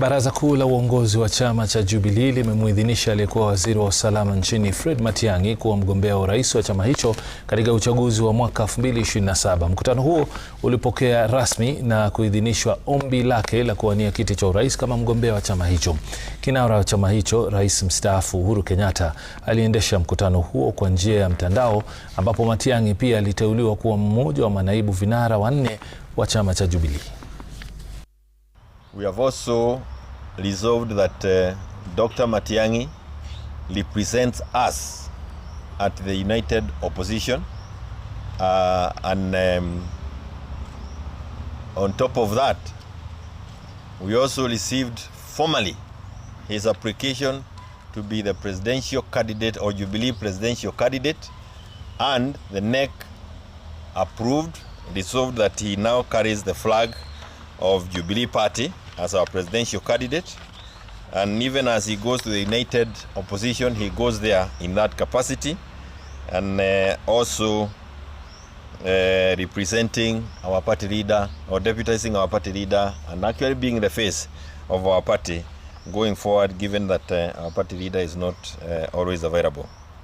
Baraza Kuu la Uongozi wa chama cha Jubilee limemuidhinisha aliyekuwa waziri wa usalama nchini Fred Matiang'i kuwa mgombea wa urais wa chama hicho katika uchaguzi wa mwaka 2027. Mkutano huo ulipokea rasmi na kuidhinishwa ombi lake la kuwania kiti cha urais kama mgombea wa chama hicho. Kinara wa chama hicho, Rais mstaafu Uhuru Kenyatta, aliendesha mkutano huo kwa njia ya mtandao ambapo Matiang'i pia aliteuliwa kuwa mmoja wa manaibu vinara wanne wa chama cha Jubilee. We have also resolved that uh, Dr. Matiangi represents us at the United Opposition uh, and um, on top of that we also received formally his application to be the presidential candidate or Jubilee presidential candidate and the neck approved resolved that he now carries the flag of Jubilee Party as our presidential candidate. And even as he goes to the United Opposition, he goes there in that capacity and uh, also uh, representing our party leader or deputizing our party leader and actually being the face of our party going forward given that uh, our party leader is not uh, always available.